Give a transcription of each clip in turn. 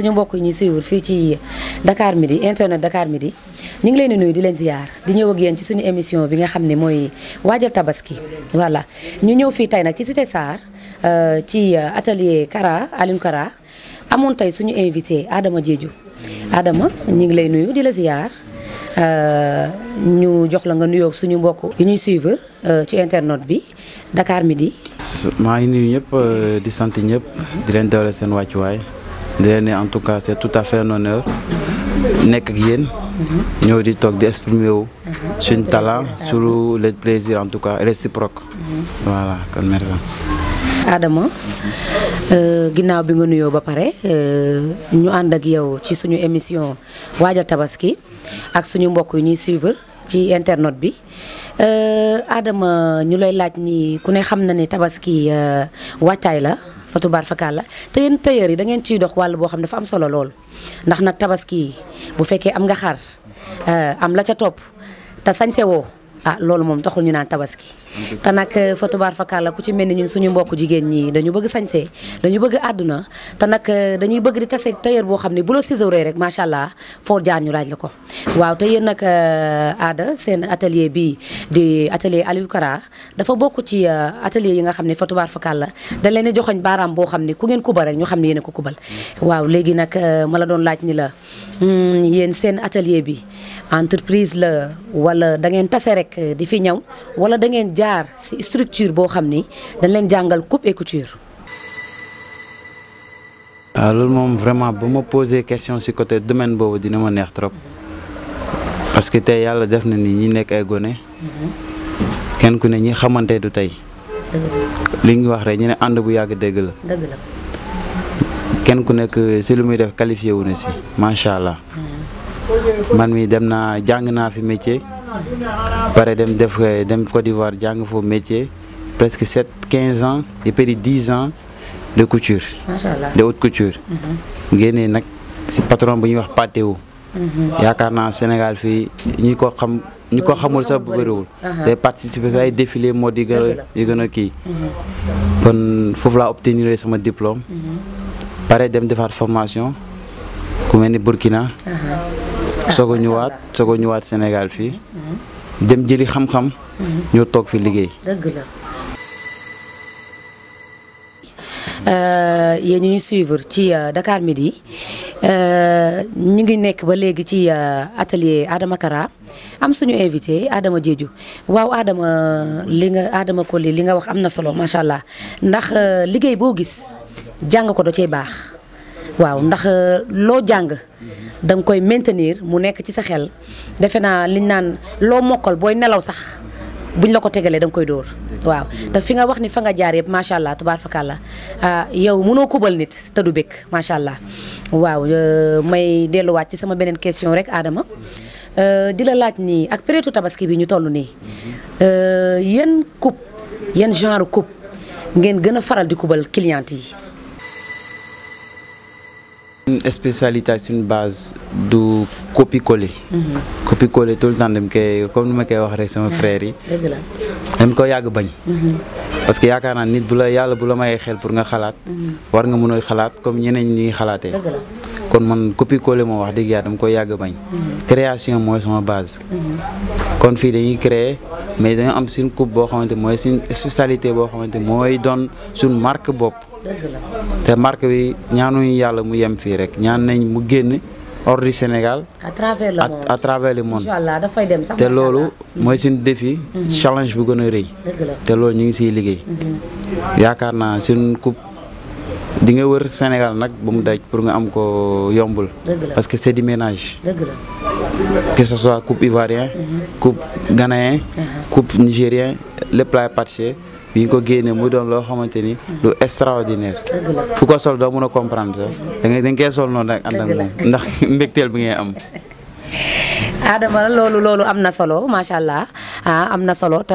suñu mbokk yi ñuy suivre fii ci Dakar Midi internet Dakar Midi ñu ngi leen di nuyu di leen ziar di ñëw ak yéen ci suñu émission bi nga xam ne mooy waajal tabaski voilà ñu ñëw fii tey nag ci Cité Sarr euh, ci euh, atelier Kara Aline Kara amoon tey suñu invité Adama jeeju Adama ñu ngi lay nuyu di la ziar euh, ñu jox la nga nuyoog suñu mbokk yi ñuy suivre ci internet bi Dakar Midi. maa ngi nuyu ñëpp di sant ñëpp di leen doole seen wàccuwaay. di leen en tout cas c'est tout à fait un honneur nekk ak yéen ñëw di toog di exprimer wu suñu sur le plaisir en tout cas réciproque voilà kon merci Adama euh, ginnaaw bi nga nuyoo ba pare euh, ñu ànd ak yow ci suñu émission waajal tabaski ak suñu mbokk yi ñuy suivre ci internet bi euh, Adama ñu lay laaj ni ku ne xam na ne tabaski wàccaay la fa tubaar fakal la te yéen tailleur yi da ngeen ciy dox wàll boo xam dafa am solo lool ndax nag tabaski bu fekkee am nga xar euh, am la ca topp te sañse woo ah loolu moom taxul ñu naan tabaski te nag fa euh, tubaar fakkaar la ku ci mel ni ñun suñu mbokk jigéen ñi dañu bëgg sañsee dañu bëgg àdduna te nag euh, dañuy bëgg di tase tailleur boo xam ne bu la ciseaux rek macha allah foo jaar ñu laaj la ko waaw te yéen nag aada euh, seen atelier bi di atelie Aliou Kara dafa bokk ci atelier yi nga xam ne fa tubaar fakkaar la dañ leen di joxoñ baaraam boo xam ne ku ngeen kubal rek ñu xam ne yéen ko kubal mm. waaw léegi nag ma la doon laaj ni la hmm, yéen seen atelier bi entreprise la wala da ngeen tase rek rek eh, di fi ñëw wala da ngeen jaar ci structure boo xam ni dañ leen jàngal coupe et couture. Ah, loolu moom vraiment bu ma posé question si côté demaine boobu dina ma neex trop parce que tey yàlla def na ni ñi nekk ay gone. kenn ku ne ñi xamante du tey. li ngi wax rek ñu ne ànd bu yàgg dëgg la. kenn ku nekk si lu muy def qualifié wu ne si macha allah. Mm-hmm. man mi dem naa jàng naa fi métier. pare dem def euh, dem Côte d'Ivoire jàng foofu métier presque sept quinze ans et puis dix ans de couture. macha allah de haute couture. Mhm. génnee nag si patron bu ñuy wax Patéo. Mhm. yaakaar naa Sénégal fii ñi ko xam ñu ko xamul sax bu bëriwul. day participer sa ay défilé mode yi gën a yi gën a kii. Mhm. kon foofu laa obtenir sama diplôme. pare dem defaat formation ku mel ni Burkina. soog a ñëwaat soog a ñëwaat Sénégal fii dem jëli xam-xam ñoo toog fi liggéey dëgg euh, yéen ñu ñu suivre ci euh, Dakar Midi euh, ñu ngi nekk ba léegi ci atelier Adama Kara am suñu invité Adama jéeju waaw Adama li nga Adama Collé li nga wax am na solo macha allah ndax liggéey boo gis jàng ko da cee baax waaw ndax loo jàng da nga koy maintenir mu nekk ci sa xel defe naa liñ naan loo mokkal booy nelaw sax buñ la ko tegalee da nga koy dóor waaw te fi nga wax ni fa nga jaar yëpp macha allah tubaar fakàlla ah, yow mënoo kubal nit te du békk macha allah waaw euh, may delluwaat ci sama beneen question rek Adama euh, di la laaj nii ak période tabaski bi ñu toll nii euh, yan coupe yan genre coupe ngeen gën a faral di kubal client yi. une spécialité ak base du copier-coller. Mhm. copier-coller tout le temps dama koy comme ni ma koy wax rek sama ah, frère yi. dëgg la dama ko yàgg bañ. Mhm. parce que yaakaar naa nit bu la yàlla bu la mayee xel pour nga xalaat. Mhm. war nga mënoo xalaat comme ñeneen ñi ñuy xalaatee. kon man copier-coller moo wax dëgg yàlla dama ko yàgg bañ. création mooy sama base. kon fii dañuy créer mais dañoo am suñ coupe boo xamante mooy suñ spécialité boo xamante mooy doon suñ marque bopp. te marque bi ñaanuñu yàlla mu yem fii rek ñaan nañ mu génn hors Sénégal. à travers le monde à te loolu mooy suñu défi. Mhm. challenge bu gën a rëy. te loolu ñu ngi siy liggéey. Mhm. yaakaar naa suñ coupe di nga wër Sénégal nag ba mu daj pour nga am ko yombul. parce que c'est di ménage. dëgg la que ce soit coupe ivoirien. Mhm. coupe ghanéen. coupe nigérien lépp laay partagé. bi ñu ko génnee mu doon loo xamante ni lu extraordinaire ku ko sol doo mun a comprendre sax da nga da nga sol noonu rek ànd moom ndax mbégteel bi ngay am Adama loolu loolu am na solo macha allah ah am na solo te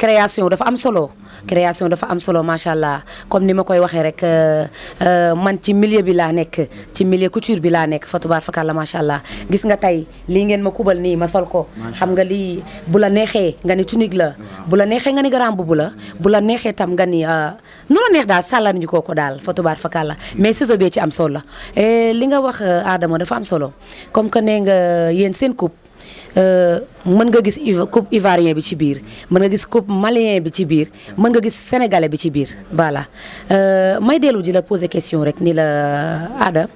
création dafa am solo. création dafa am solo macha allah comme ni ma koy waxee rek euh, euh, man ci millier bi laa nekk ci millier couture bi laa nekk fa tubaar fakar la macha allah gis nga tey lii ngeen ma kubal nii ma sol ko. xam nga lii bu la neexee nga ni tunique la. bu la neexee nga ni grand boubou la. bu la neexee tam nga ni euh, nu la neex daal sàllan ñu koo ko daal fa tubaar fakar mais saison bee ci am solo la. li nga wax Adama dafa am solo yeneen coupe euh, mën nga gis coupe ivoirien bi ci biir mën nga gis coupe malien bi ci biir mën nga gis sénégalais bi ci biir voilà euh, may dellu di la poser question rek ni la Ada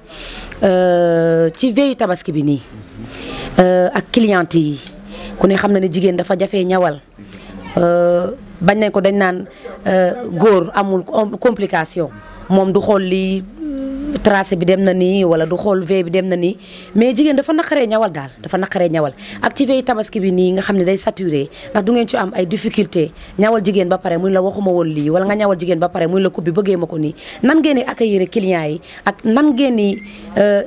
euh, ci veillu tabaski bi nii ak cliente yi ku ne xam na ne jigéen dafa jafe ñawal bañ nañ ko dañ naan góor amul complication moom du xool tracé bi dem na nii wala du xool V bi dem na ni mais jigéen dafa naqaree ñawal daal dafa naqaree ñawal ak ci tabaski bi nii nga xam ne day saturé ndax du ngeen ci am ay difficulté ñawal jigéen ba pare muy la waxuma woon lii wala nga ñawal jigéen ba pare muy la coupe bi bëggee ma ko nii nan ngeen di accueillir clients yi ak nan ngeen di euh,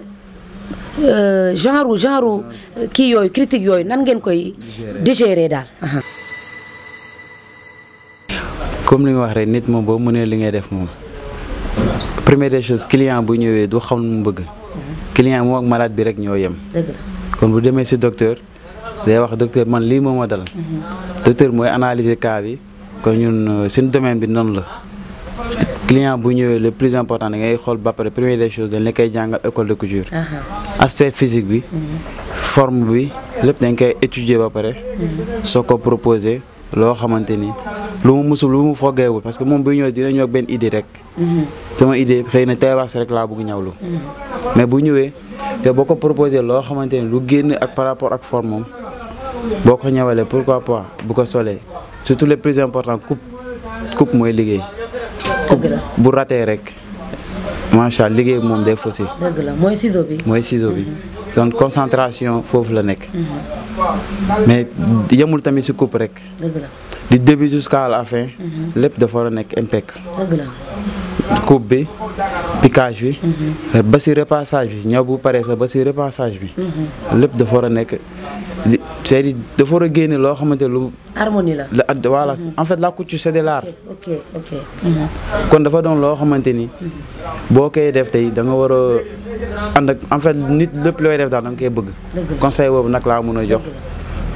euh, genre genre euh, kii yooyu critique yooyu nan ngeen koy digérer daal comme li nga wax rek nit moom boo mënee li ngay def moom première des choses client bu ñëwee du xam lu mu bëgg. client moom ak malade bi rek ñoo yem. kon bu demee si docteur day wax docteur man lii moo ma dal. Mhm. docteur mooy analyser cas bi kon ñun euh, suñu domaine bi noonu la. client bu ñëwee le plus important da ngay xool ba pare première des choses dañ la koy jàngal école de couture. aspect physique bi. Mhm. forme bi lépp dañ étudier ba pare. Mhm. soo ko proposé loo xamante ni lu mu musul lu mu foggeewul parce que moom bu ñëwee dina sama idée xëy na teewaas rek laa bëgg ñawlu mais bu ñëwee te boo ko proposé loo xamante ne lu génn ak par rapport ak forme boo ko ñawalee pourquoi pas bu ko solee surtout le plus important coupe coupe mooy liggéey. coupe bu ratee rek macha allah liggéey moom day faussé. dëgg mooy ciseau bi. Mhm. donc concentration foofu la nekk. Mhm. mais yemul tamit si coupe rek. dëgg la du début jusqu'à mhm. dafa war nekk impec. coupe bi piquage bi. ba si repassage bi ñaw bu paree sax ba si repassage bi. lépp dafa war a nekk li dafa war a génne loo xamante lu. harmonie la la voilà mhm. en fait la couture c'est de l'art. Mhm. kon dafa doon loo xamante ni. boo koy def tey danga war a ànd ak en fait nit lépp looy def daal da koy bëgg. conseil boobu nag laa mën a jox.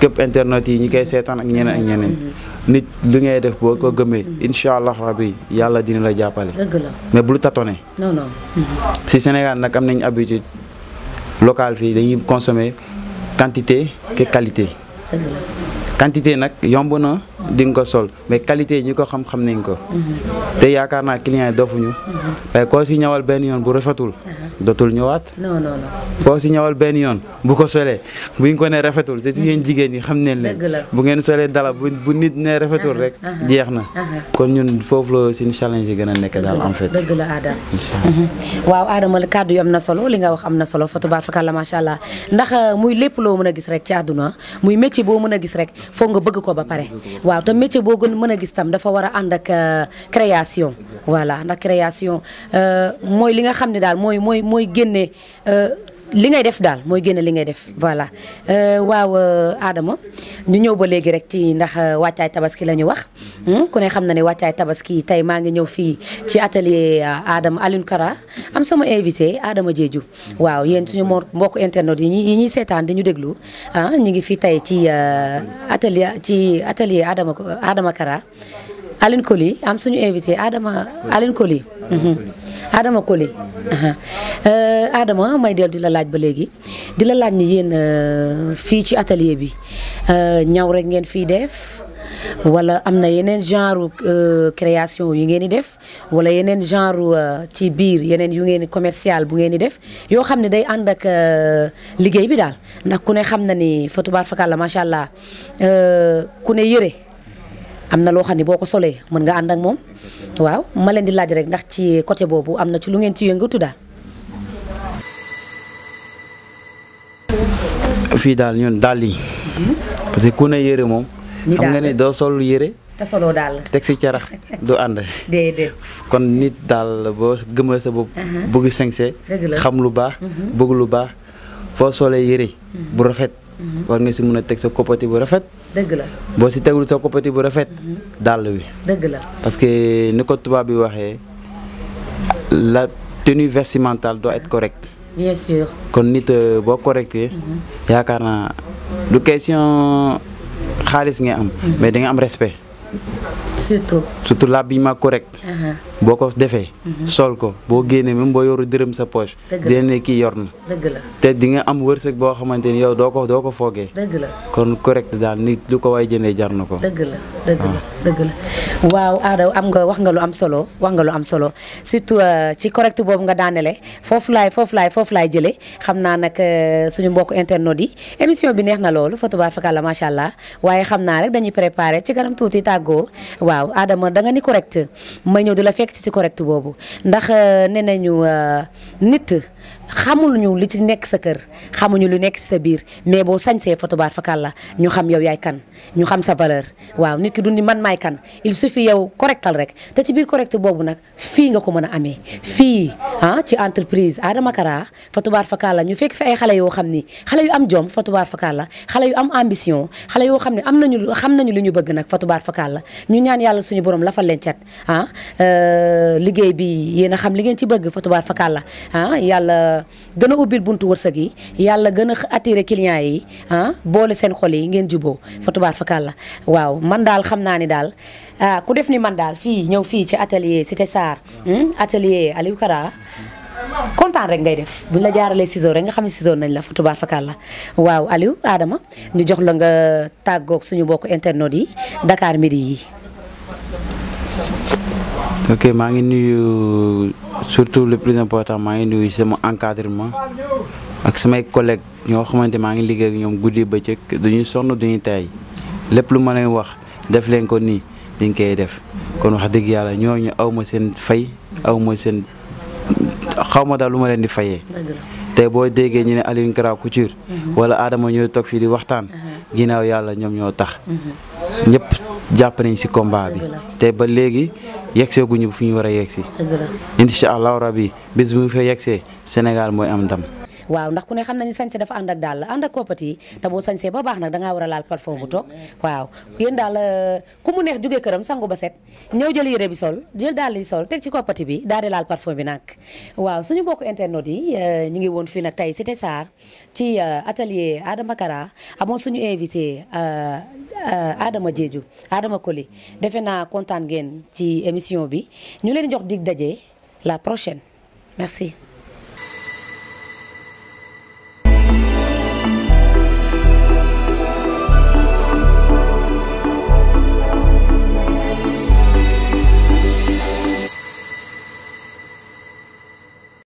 képp internet yi ñi koy seetaan ak ñeneen ñeneen. Mhm. nit li ngay def boo ko gëmee incha allah rabi yàlla dina la jàppale. dëgg la mais bul tâtonner. non si Sénégal nag am nañ habitude locale fii dañuy consommer quantité que qualité. quantité nag yomb na. di nga ko sol mais qualité yi ñi ko xam-xam nañ ko mhm. te yaakaar naa client yi dofuñu waaye mhm. koo si ñawal benn yoon bu rafetul mhm. dootul ñëwaat non non non koo si ñawal benn yoon bu ko solee bu ñu ko ne rafetul te yéen jigéen ñi xam neen leen bu ngeen solee rafetul rek jeex na kon ñun foofu la suñu challenge yi a nekk daal en fait la Ada waaw Adama kàddu yi am na solo li nga wax am na solo fa tabarakallah macha allah ndax euh, muy lépp loo mën a gis rek ci àdduna muy métier boo mën a gis rek foog nga bëgg ko ba pare waaw te métier boo gën mën a gis tam dafa war a ànd ak euh, création voilà ndax création euh, mooy li nga xam ne daal mooy mooy mooy génne euh, li ngay def daal mooy génn li ngay def voilà euh, waaw euh, Adama ñu ñëw ba léegi rek ci ndax euh, wàccaay tabaski la ñu wax hmm? ku ne xam na ne wàccaay tabaski tey maa ngi ñëw fii ci atelier Adama Alioune Kara am sama invité Adama Diédhiou waaw yéen suñu mbokk internet yi ñuy yi ñuy seetaan di ñu déglu ah ñu ngi fii tey ci atelier ci atelier Adama Adama Kara Alioune Coly am suñu invité Adama Alioune Coly Mhm. Adama Koli euh, Adama may dellu di la laaj ba léegi di la laaj ni yéen euh, fii ci atelier bi euh, ñaw rek ngeen fii def wala am na yeneen genre création yu ngeen di def wala yeneen genre ci biir yeneen yu ngeen di commercial bu ngeen di def yoo xam ne day ànd ak liggéey bi daal ndax ku ne xam na ni fa tubaar fakàlla macha allah ku ne yëre am na loo xam ne boo ko solee mën nga ànd ak moom waaw ma leen di laaj rek ndax ci côté boobu am na ci lu ngeen ci yëngatu daal. fii daal ñun daal yi. parce ku ne yére moom. xam nga ne doo sol yére. te daal teg si carax du ànd. kon nit daal boo gëmal sa bopp. Uh-huh. bëgg sañse xam lu baax. Uh-huh. bëgg lu baax foo solee yére hmm. bu rafet. Mm-hmm. war nga si mun a teg sa koppati bu rafet. dëgg la boo si tegul sa koppati bu rafet. Mm-hmm. dàll wi. dëgg la parce que ni ko tubaab bi waxee la tenue vestimentale doit être correcte. kon nit euh, boo correcté. Mm-hmm. yaakaar naa lu question xaalis ngay am. mais da nga am respect. surtout surtout l'habillement correct. Uh-huh. boo ko defee. Mhm. sol ko boo génnee même boo yoru dërëm sa poche. dëgg la kii yor na. te di am wërsëg boo xamante ni yow doo ko doo ko foogee. dëgg la kon correct daal nit lu ko waay jëndee jar na ko. dëgg la dëgg la ah. dëgg la waaw Ada am nga wax nga lu am solo wax nga lu am solo surtout euh, ci correct boobu nga daanele foofu laay foofu laay foofu laay jëlee xam naa nag euh, suñu mbokk internautes yi émission bi neex na loolu Fatou Ba Fakala macha allah waaye da nga ni correct ma ñëw di la fekk ci correct boobu ndax euh, nee nañu euh, nit xamul ñu li ci nekk sa kër xamuñu lu nekk sa biir mais boo sañsee photo baar fakal la ñu xam yow yaay kan ñu xam sa valeur waaw nit ki dundi man maay kan il fi yow correctal rek te ci biir correct boobu nag fii nga ko mën a amee fii ah ci entreprise Adama Kara foto baar fakal la ñu fekk fi ay xale yoo xam ni xale yu am jom photo baar fakal la xale yu am ambition xale yoo xam ne am nañu xam nañu li ñu bëgg nag photo baar fakal la ñu ñaan yàlla suñu borom lafal leen cat ah euh, liggéey bi yéen a xam li ngeen ci bëgg photo baar fakal la ah, yàlla gën a ubbil buntu wërsëg yi yàlla gën a attiré clients yi ah, boole seen xol yi ngeen juboo fa tubaar fakal la waaw man daal xam naa ni daal ah, ku def ni man daal fii ñëw fii ci atelier Cité Sarr hmm, atelier Aliou Kara kontaan rek ngay def bu la jaaralee ciseaux rek nga xam ne ciseaux nañ la fa tubaar la waaw Aliou aadama ñu jox la nga tàggoog suñu bokk internautes yi Dakar Midi yi ok maa ngi nuyu surtout le plus important maa ngi nuyu sama encadrement ak samay collègues ñoo xamante maa ngi liggéey ak ñoom guddi bëccëg duñuy sonn duñuy tey lépp lu ma leen wax def leen ko nii dañ koy def kon wax dëgg yàlla ñooñu aw ma seen fay aw ma seen xaw ma daal lu ma leen di fayee. tey boo déggee ñu ne Aline Kara Couture. Mhm. wala Adama ñoo fii di waxtaan. Mhm. ginnaaw yàlla ñoom ñoo tax. Mhm. ñëpp jàpp nañ ci bi. te ba léegi yegsee guñu fu ñu war a yegsi. dëgg la incha allahu rabi bis bu ñu fa yegsee Sénégal mooy am ndam. waaw ndax ku ne xam nañu sañse dafa ànd ak daal ànd ak koppat yi te boo ba baax nag dangaa war a laal parfum bu toog waaw yéen daal euh, ku mu neex jógee këram sangu ba set ñëw jël yére bi sol jël daal di sol teg ci koppati bi daa di laal parfum bi nag waaw suñu bokk internet yi euh, ñu ngi woon fii nag tey Cité Sarr ci euh, atelier Adama Kara amoon suñu invité Euh, Adama jeeju Adama Koli defe naa kontaan ngeen ci émission bi ñu leen jox dig daje la prochaine merci.